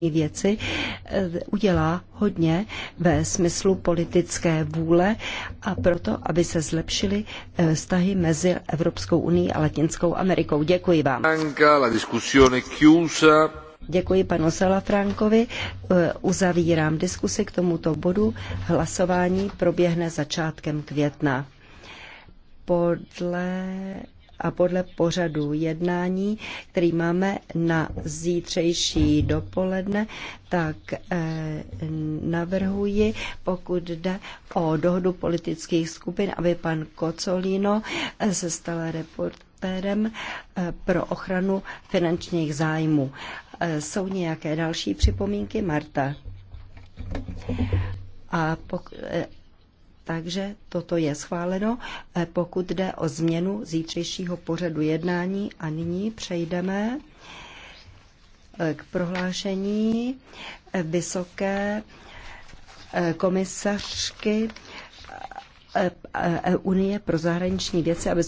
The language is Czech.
věci eh, udělá hodně ve smyslu politické vůle a proto, aby se zlepšily eh, vztahy mezi Evropskou unii a Latinskou Amerikou. Děkuji vám. Děkuji panu Salafrankovi. Eh, uzavírám diskusi k tomuto bodu. Hlasování proběhne začátkem května. Podle a podle pořadu jednání, který máme na zítřejší dopoledne, tak eh, navrhuji, pokud jde o dohodu politických skupin, aby pan Kocolino eh, se stal reportérem eh, pro ochranu finančních zájmů. Jsou nějaké další připomínky, Marta? A pok- takže toto je schváleno, eh, pokud jde o změnu zítřejšího pořadu jednání. A nyní přejdeme eh, k prohlášení eh, vysoké komisařky Unie pro zahraniční věci a bezpečnost.